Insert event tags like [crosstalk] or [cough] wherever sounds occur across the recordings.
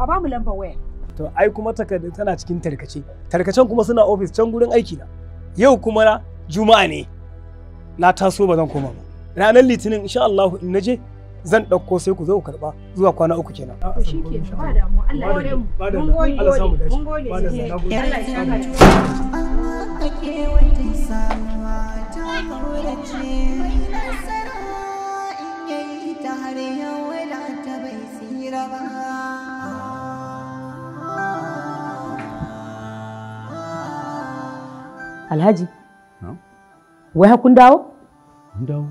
a bamu lambar waya. To ai kuma tana cikin tarkace. Tarkacen kuma suna ofis can gurin aiki na. Yau kuma na Juma'a ne. Na taso ba zan koma ba. Ranar Litinin insha Allah in naje zan ɗauko sai ku zo ku karba zuwa kwana uku kenan. Shi ke ba mu Allah ya mu. Mun gode. Mun gode. Allah ya eh. saka ta ya yau wadata bai sira ba. Alhaji. Wai kun dawo? Kun dawo.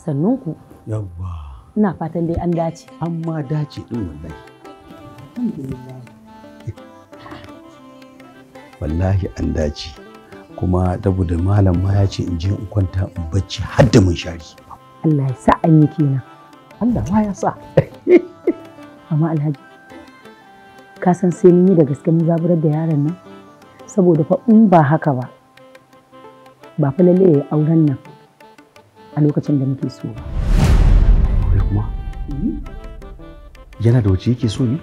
Sannun ku. Yawwa. Ina fatan dai an dace. An ma dace din wallahi. Wallahi an dace. Kuma dabu da malam ma ya ce in je in kwanta in bacci har da mun shari. Allah ya sa an yi kenan. Allah ma ya sa. [laughs] Amma Alhaji ka san sai mun yi da gaske mun zaburar da yaron nan saboda fa in ba haka ba ba fa lalle ya yi auren nan a lokacin da muke so ba kuma yana da wace yake so ne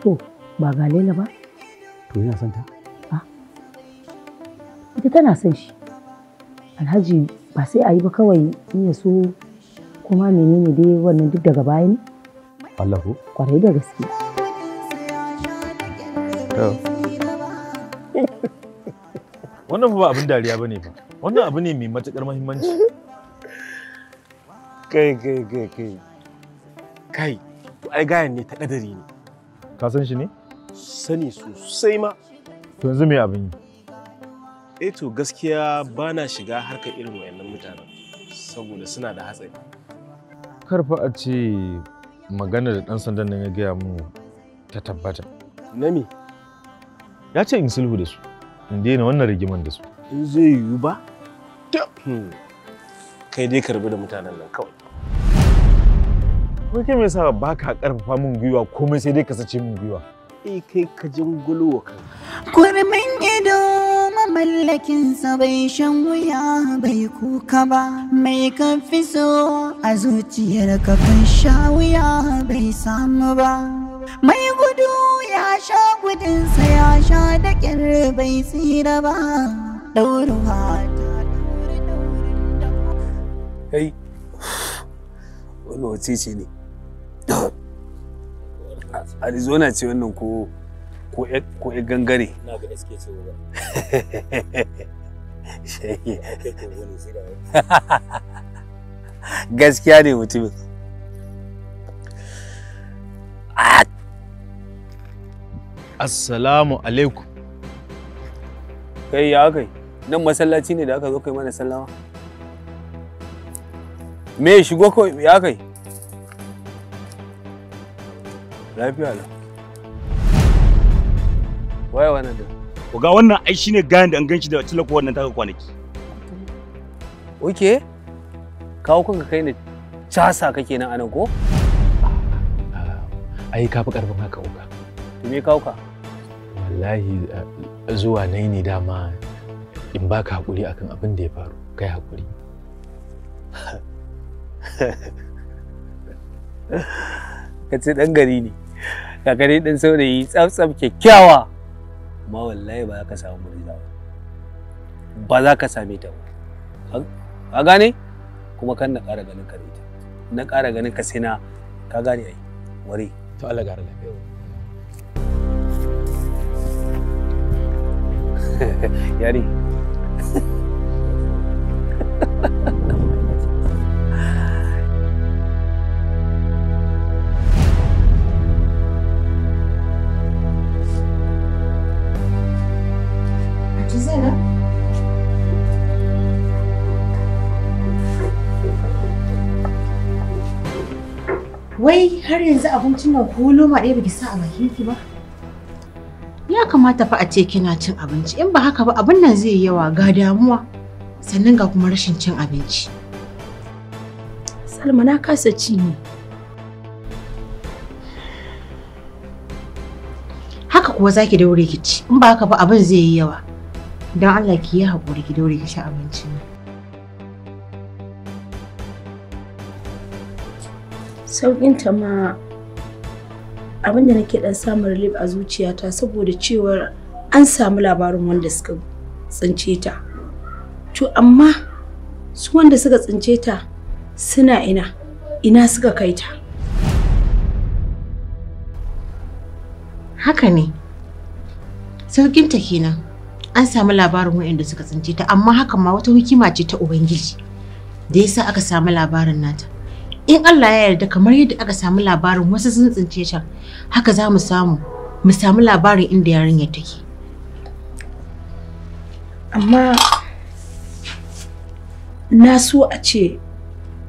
to ba ga lela ba to yana son ta a ah. ita tana son shi alhaji ba sai a yi ba kawai in ya so kuma menene dai wannan duk daga baya ne Allahu kwarai da gaske Oh. [laughs] wannan ba abin dariya ba ne ba wannan abu ne mai matukar mahimmanci [laughs] kai kai kai kai kai ai gayan ne ta kadari ne ka san shi ne sani sosai ma to yanzu me abin yi eh to gaskiya ba na shiga harkar irin wayannan mutanen saboda suna da hatsari karfa a ce magana da ɗan sandan nan ya gaya mu ta tabbata na me ya ce in sulhu da su in daina wannan rigiman da su in zai yiwu ba hmm. kai dai karbi da mutanen nan kawai ke me yasa ba ka karfafa min gwiwa komai sai dai ka sace min gwiwa eh kai ka jingulo wa kanka kurmin ido mamallakin sa bai shan wuya bai kuka ba mai kafi so a zuciyar ka kan sha wuya bai samu ba mai gudu ya sha gudunsa ya sha da ƙyar bai tsira ba ɗauruwa ta kai wannan wace ce ne arizona ce wannan ko ko ya gangare na ga sk ce ba [laughs] [laughs] gaskiya ne mutumin Assalamu alaikum. Kai ya kai, nan masallaci ne da aka zo kai mana sallama. Me shigo ko ya kai? Lafiya lau. Waye wannan da? Ku ga wannan ai shine gayan da an ganci da tilako wannan taka kwanaki. Oke. Kawo kanka kai ne casa kake nan anan ko? Ai ka fi karfin haka uga. to me kauka wallahi zuwa nai ne dama in baka hakuri akan abin da ya faru kai hakuri [laughs] ka ce dan gari ne ka gari dan saurayi tsaf-tsaf kyakkyawa amma wallahi ba za ka samu murna ba ba za ka same ta ba ka gane kuma kan na ƙara ganin ka na ƙara ganin ka sai na ka gane ai wari to Allah ƙara lafiya [laughs] Wai har yanzu abincin nan ko loma ɗaya baki sa a bakin ki ba? kamata fa a ce kina cin abinci in ba haka ba abin nan zai yi yawa ga damuwa sannan ga kuma rashin cin abinci salma na kasa ci ne haka kuwa zaki daure ki ci in ba haka ba abin zai yi yawa don allah ki yi hakuri ki daure ki ci abinci ne sauƙinta ma da nake dan samun relief a zuciyata saboda cewar an samu labarin wanda suka tsince ta to amma su wanda suka tsince ta suna ina ina suka kai ta haka ne sauƙinta kenan an samu labarin waɗanda suka tsince ta amma hakan ma wata hikima ce ta ubangiji da yasa aka samu labarin nata in Allah ya yarda kamar yadda aka samu labarin wasu sun tsince can haka za mu samu mu samu labarin inda yarinyar take amma na so a ce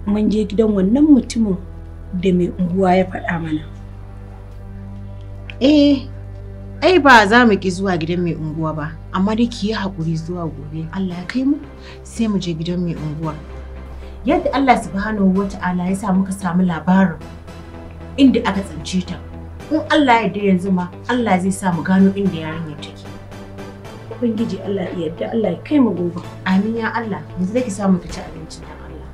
mun je gidan wannan mutumin da mai unguwa ya faɗa mana eh ai ba za mu ki zuwa gidan mai unguwa ba amma dai ki yi haƙuri zuwa gobe Allah ya kai mu sai mu je gidan mai unguwa yadda Allah subhanahu wa ta'ala ya sa muka samu labarin inda aka tsince ta in Allah ya yarda yanzu ma Allah zai sa mu gano inda yarinyar take ubangiji Allah ya yarda Allah ya kai mu gobe amin ya Allah yanzu zaki samu ki ci abincin da Allah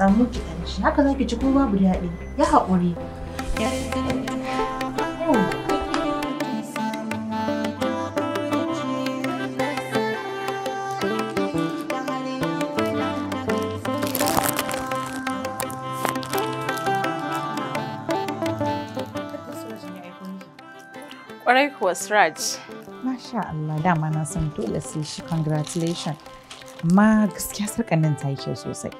samu ki haka zaki ci ko babu daɗi ya haƙuri Kwarai was Siraj. Masha Allah dama na san dole sai shi congratulation. Amma gaskiya sarkan nan ta yi kyau sosai.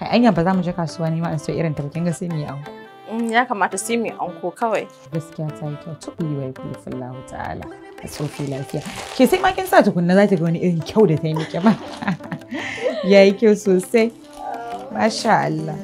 Kai anya ba za mu je kasuwa ne ma in so irin ta bakin ga sai mu anko. Mm, ya kamata sai mu anko kawai. Gaskiya ta yi kyau tukuli wai kullu sallahu ta'ala. A tsofi lafiya. Ke sai ma kin sa tukunna za ta ga wani irin kyau da ta yi miki ba. [laughs] Yayi kyau sosai. Masha Allah.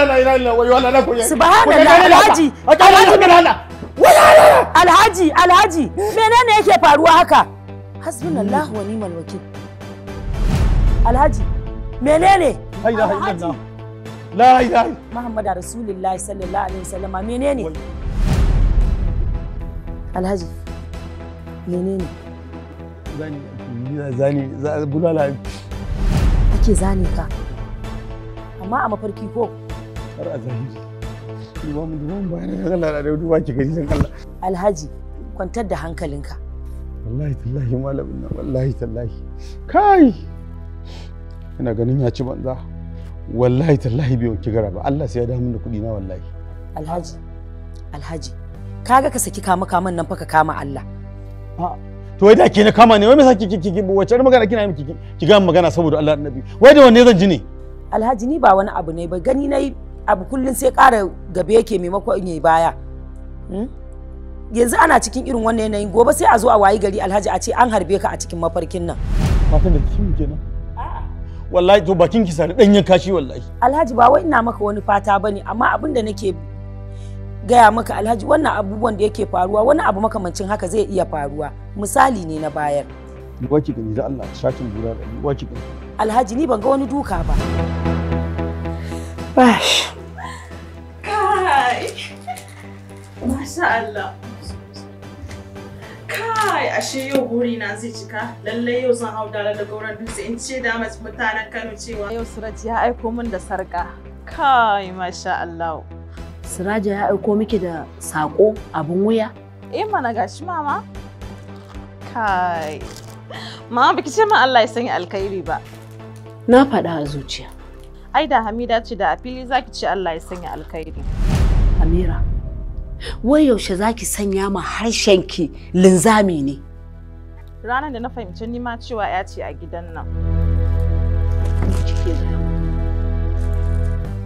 alhaji alhaji alhaji alhaji menene yake faruwa haka hasbunallahu wa ni'mal wakil alhaji menene la ilaha illallah la ilaha muhammad rasulullahi sallallahu alaihi wasallama menene alhaji menene zani zani bulala ake zane ka amma a mafarki ko har a zahiri duba mu duba mu bayan Allah da duba ki gaji Allah Alhaji kwantar da hankalinka wallahi tallahi malamin nan wallahi tallahi kai ina ganin ya ci banza wallahi tallahi bai gara ba Allah sai ya da kuɗi na wallahi Alhaji Alhaji kaga ka saki kama kaman nan fa ka kama Allah to wai da ke na kama ne wai me sa ki ki wace magana kina miki ki ga magana saboda Allah annabi wai da wanne zan ji ne Alhaji ni ba wani abu ne ba gani nayi abu kullum sai ƙara gaba yake maimakon ya baya hmm? yanzu ana cikin irin wannan yanayin gobe sai a zo a wayi gari alhaji a ce an harbe ka a cikin mafarkin nan matan da kiwo kenan wallahi to bakin ki sare danyen kashi wallahi alhaji ba wai ina maka wani fata bane amma abin da nake gaya maka alhaji wannan abubuwan da yake faruwa wani abu makamancin haka zai iya faruwa misali ne na bayar waki gani da Allah shakin burar waki gani alhaji ni ban ga wani duka ba Bash. Kai. Masha Allah. Kai, ashe yau guri na zai cika. Lallai yau zan hau dare da gauran dutse in ce da mutanen Kano cewa. Yau Suraj ya aiko min da sarka. Kai, masha Allah. Siraja ya aiko miki da saƙo abin wuya? Eh mana gashi mama. Kai. Mama biki ce ma Allah ya sanya alkhairi ba. Na faɗa a zuciya. ai da Hamida ce da a fili zaki ce Allah ya sanya alkhairi Amira wai yaushe zaki sanya ma harshen ki linzami ne ranar da na fahimci ni ma cewa ya ce a gidan nan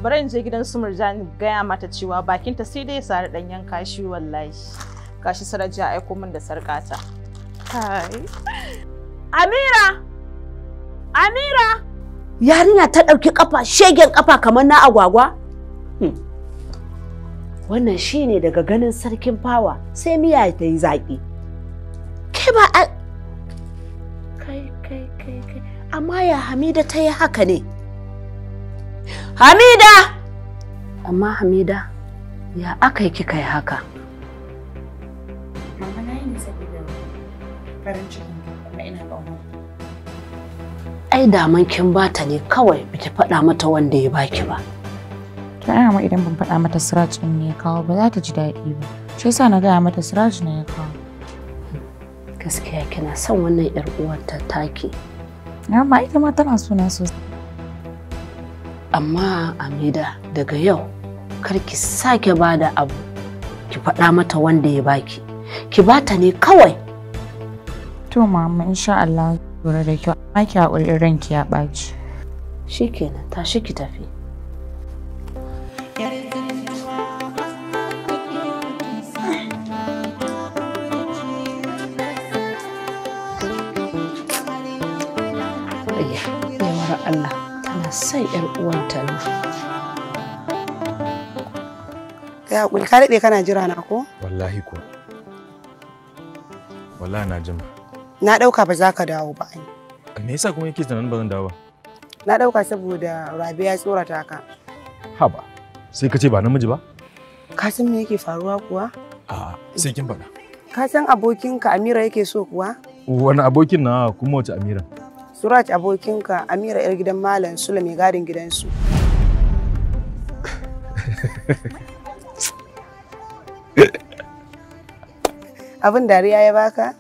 bari in je gidan su murjani gaya mata cewa bakinta sai dai ya sari danyen kashi wallahi gashi saraji ya aiko min da sarƙata. Amira! Amira! yarinya ta ɗauki ƙafa shegen ƙafa kamar na agwagwa hmm. wannan shine daga ganin sarkin fawa sai miya ta yi zaƙi kai ba a kai kai kai kai amma ya hamida ta yi haka ne hamida amma hamida ya aka yi kika yi haka Mama na yi ne farin ciki ai daman kin bata ne kawai biki faɗa mata wanda ya baki ba to ai amma idan ban faɗa mata sirajin ne ya kawo ba za ta ji daɗi ba shi yasa na gaya mata sirajin ne ya kawo gaskiya kina son wannan yar uwarta take amma ita ma tana suna sosai amma amida daga yau kar ki sake bada abu ki faɗa mata wanda ya baki ki bata ne kawai to mama insha Allah lura da kyau amma ki haƙuri ranki ya ɓaci shikenan tashi ki tafi Allah tana son ‘yar uwanta ne. Ya haƙuri, ka daɗe kana jira na ko? Wallahi ko. Wallahi na jima. Na ɗauka ba za ka dawo ba. Me yasa kuma yake tunanin ba zan dawo ba? Na ɗauka saboda Rabi ya tsorata ka. Haba, sai ka ce ba namiji ba? Ka san me yake faruwa kuwa? A'a, sai kin faɗa. Ka san abokinka Amira yake so kuwa? Wani abokin na kuma wace Amira? Suraj abokinka Amira 'yar gidan Malam Sule mai gadin gidansu. [laughs] Abin dariya ya baka?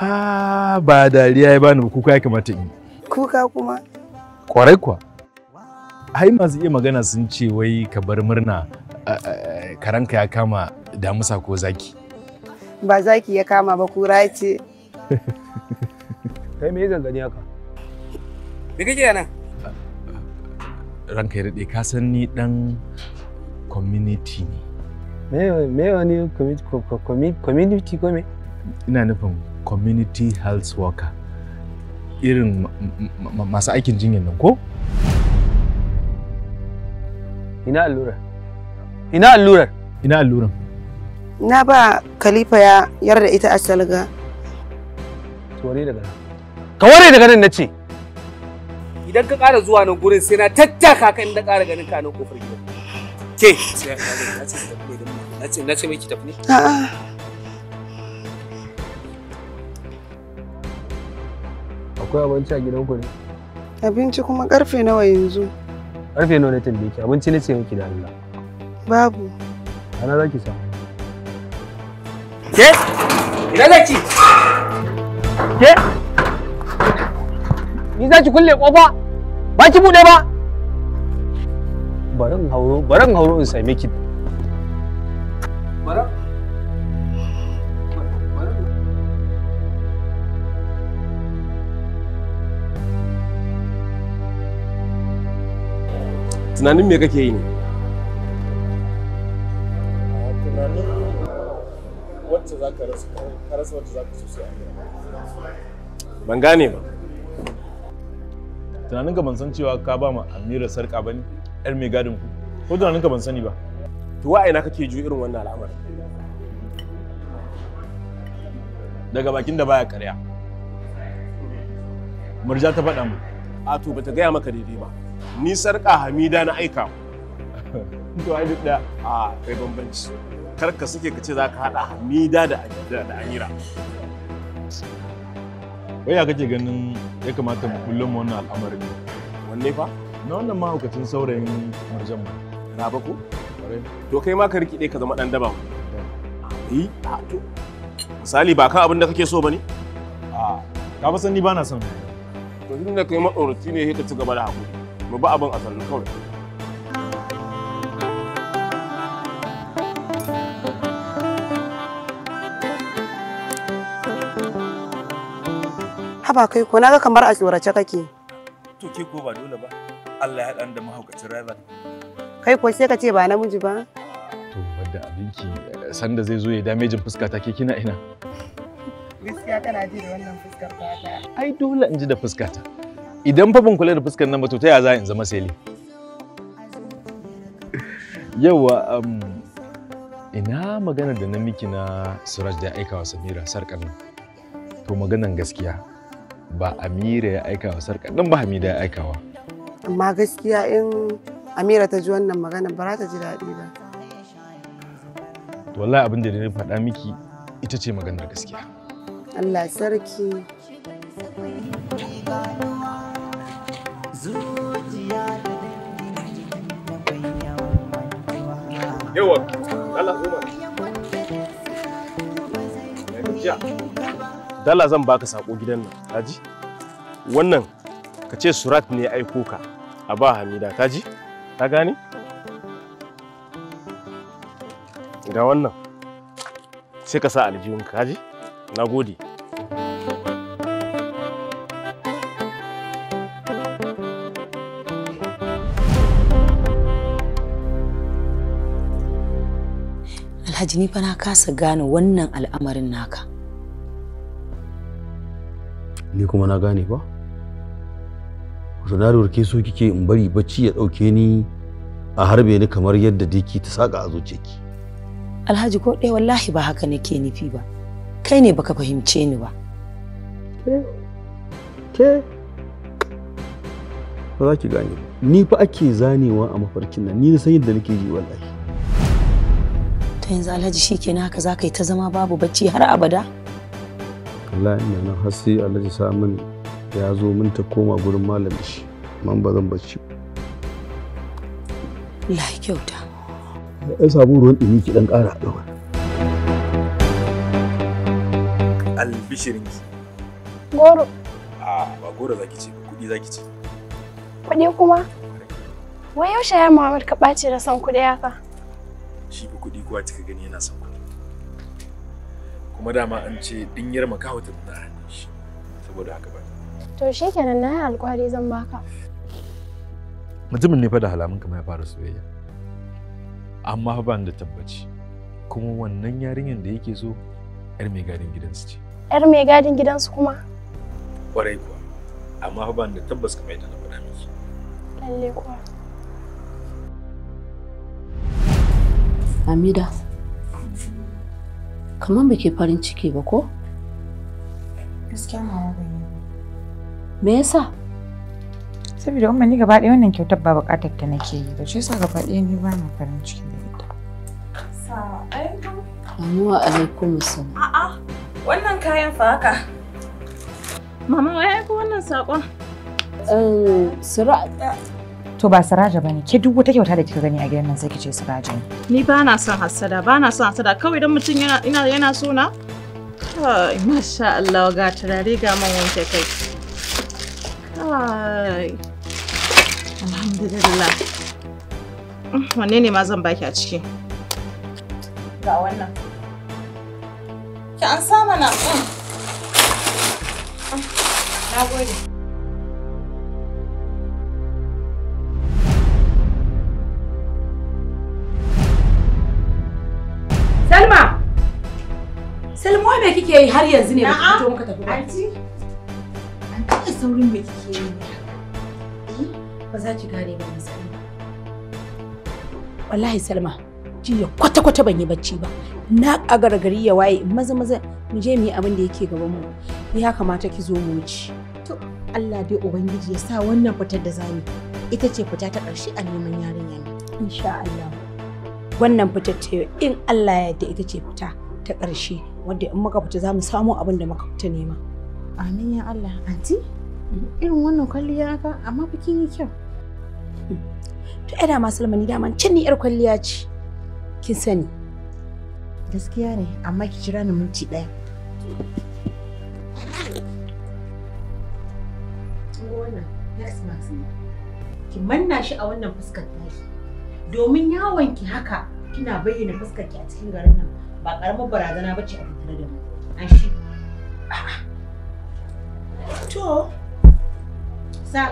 Ah, ba dariya ya bani kuka ya kamata in. Kuka kuma? Kwarai kuwa. Hai masu iya magana sun ce wai ka bar murna karanka ya kama damusa ko zaki. Ba zaki ya kama ba kura ce. Kai me gangani haka? Me kake nan? Ranka ya daɗe ka san ni ɗan community ne. Me me wani community ko me? Ina nufin community health worker irin masu aikin jinyar nan ko? Ina allurar? Ina allurar? Ina allurar? Na ba Khalifa ya yarda ita a salga. Ware daga nan. Ka ware daga nan na ce. Idan ka ƙara zuwa nan gurin sai na tattaka ka inda ƙara ganin ka nan kofar gidan. Ke. Na ce miki tafi ne? A'a. akwai abinci a gidan ku ne abinci kuma karfe nawa yanzu karfe nawa na tambaye ki abinci ne ce miki da Allah babu ana zaki sa ke ina zaki ke ni za ki kulle kofa ba ki bude ba baran hauro in hauro in same ki baran tunanin me kake yi ne ban gane ba tunanin ka ban san cewa ka ba ma amira sarka ba ne yar mai gadin ku ko tunanin ka ban sani ba to wa ina kake ju irin wannan al'amarin daga bakin da baya karya murja ta faɗa mu a to bata gaya maka daidai ba ni sarƙa hamida na aika [laughs] to ai duk da a kai bambanci kar ka suke ka ce za ka haɗa hamida da amira wai ya kake ganin ya kamata mu kullum wannan al'amarin wanne fa na wannan mahaukacin saurayin marjan ba raba ku to kai ma ka rikide ka zama dan daba yi a to misali ba kan abin da kake so bane a ka fa san ba na son to tun da kai matsoraci ne sai ka ci gaba da hakuri mu ba abin a sannu kawai haba kai ko naga kamar a tsorace kake to ke ko ba dole ba Allah ya dan da mahaukacin rayuwa kai ko sai ka ce ba namiji ba to wadda abinki sanda zai zo ya jin fuska ta ke kina ina gaskiya kana ji da wannan fuskar fata ai dole in ji da fuskata idan fa ban kula da fuskar nan ba to ta yaya za in zama sele yawa um, ina magana da na miki na suraj da ya aika wa samira sarkar nan to maganan gaskiya ba amira ya aika wa sarkar nan ba hamida ya aikawa amma gaskiya in amira ta ji wannan magana ba za ta ji daɗi ba to wallahi abin da na faɗa miki ita ce maganar gaskiya Allah sarki Thank you. yawa dala zan baka sako gidan nan kaji wannan ka ce surat ne ya aiko ka a ba hamida kaji ta gane ga wannan sai ka sa aljihun kaji na gode Anti ni fa na kasa gane wannan al'amarin naka. Ni kuma na gane ba? Wato na rurke so kike in bari bacci ya ɗauke ni a harbe ni kamar yadda diki ta saka a zuciyarki. Alhaji ko ɗaya wallahi ba haka nake nufi ba. Kai ne baka fahimce ni ba. Ke, ke, ba za ki gane. Ni fa ake zanewa a mafarkin nan, ni na san yadda nake ji wallahi. haka yanzu alhaji shi kenan haka za ka yi ta zama babu bacci har abada? Allah ina nan har sai alhaji samun ya zo min ta koma gurin malam da shi man ba zan bacci. Allah kyauta. Ya samu ruwan ɗumi ki ɗan ƙara ɗaura. ki. Goro. Ah, ba goro zaki ce ba kuɗi zaki ce. Kuɗi kuma? Wai yaushe ya Muhammad ka ɓace da son kuɗi haka? kuɗi kuwa cika gani yana son kuɗi kuma dama an ce ɗinyar makaho ta na hannun shi saboda haka ba to shi kenan na yi alƙawari zan baka mutumin ne fa da halamun kamar ya fara soyayya amma fa ban da tabbaci kuma wannan yarinyar da yake so yar mai gadin gidansu ce yar mai gadin gidansu kuma ƙwarai kuwa amma fa ban da tabbas kamar yadda na faɗa miki lalle kuwa Hamida, kamar ba ke farin ciki ba ko? Gaskiya ma ba Me yasa? Saboda umma ni gaba ɗaya wannan kyautar ba buƙatar ta nake yi ba, ce yasa gaba ɗaya ni ba na farin ciki da ita. Assalamu alaikum. Wa alaikum assalam. A'a, wannan kayan fa haka. Mama, wai ko wannan saƙon? Eh, Sura. To ba Siraja bane, ke duk wata kyauta da kika gani a gidan nan sai kice Siraja. Ni ba na son hasada, ba na son hasada, kawai dan mutum yana ina yana so na. Kai, masha Allah ga turare ga man wanke kai. Kai. Alhamdulillah. Mm, wanne ne ma zan baki a ciki? Ga wannan. Ki an sa mana. Mm. Mm, na gode. har yanzu ne muka tafi ba an kai saurin kike yi hmm? ba za ki gane ba wallahi Salma jiya kwata kwata ban yi bacci ba na kagargari ya waye maza maza mu je mu yi abin da yake gaban mu ya kamata ki zo mu wuce to Allah dai ubangiji ya sa wannan fitar da zamu ita ce fita ta ƙarshe a neman yarinya insha Allah wannan fitar ta in Allah ya yarda ita ce fita ta ƙarshe wadda in muka fita za mu samu abin da muka fita nema amin ya Allah anti irin wannan kwalliya ka amma bikin yi kyau to ai dama Salma ni dama can ni yar kwalliya ce kin sani gaskiya ne amma ki jira ni minti daya next ki manna shi a wannan fuskar domin yawon ki haka kina bayyana fuskar ki a cikin garin nan ba karamar barazana ba ce a tattare da mu an shi to sa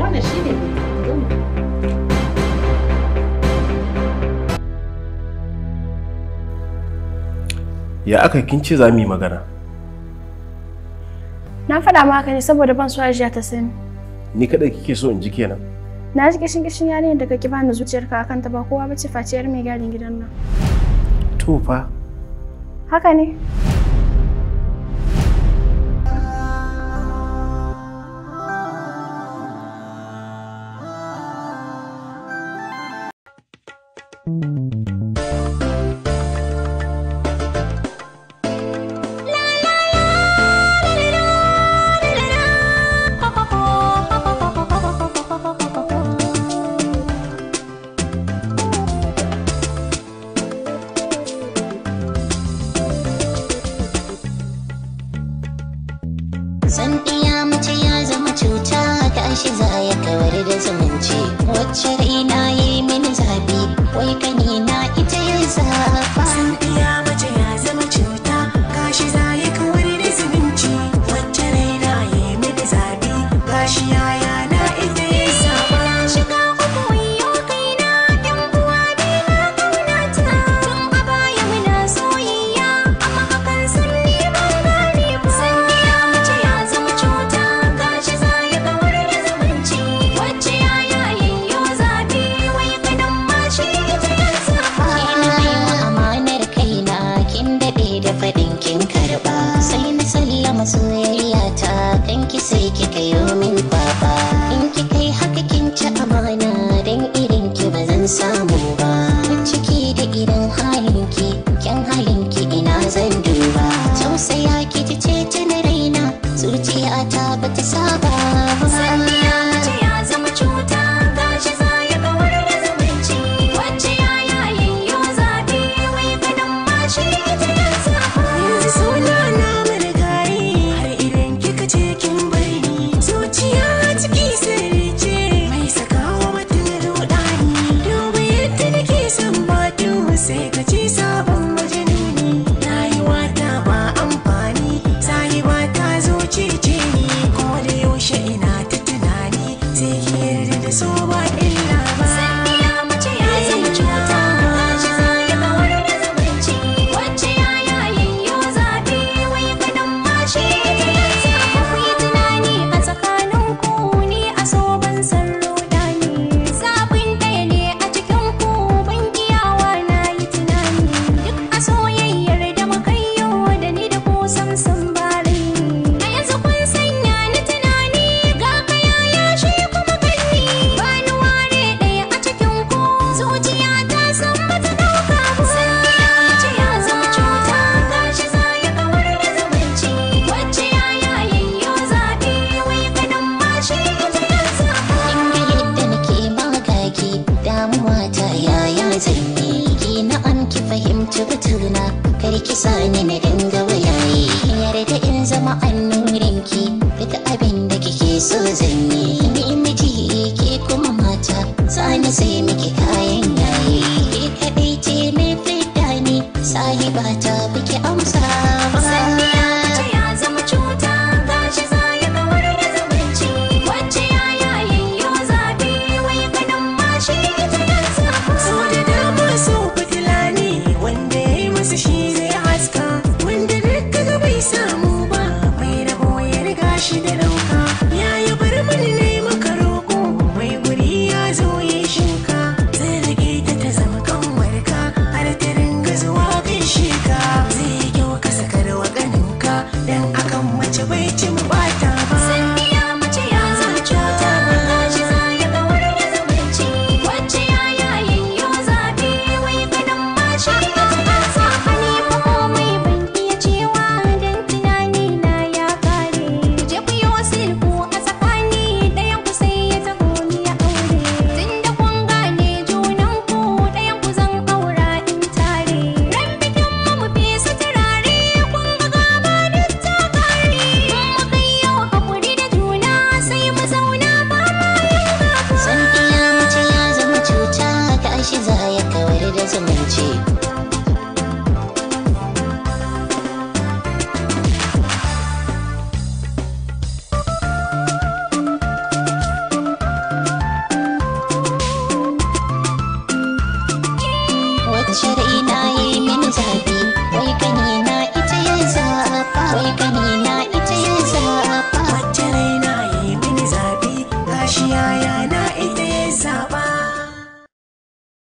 wannan shi ne ya aka kin ce za mu yi magana Na faɗa ma ne saboda ban so ajiya ta sani. Ni kaɗai kike so in ji kenan. Na ji kishin kishin yarinyar da kake bani zuciyarka akan ta ba kowa bace faciyar mai gadin gidan nan. To fa. Haka ne.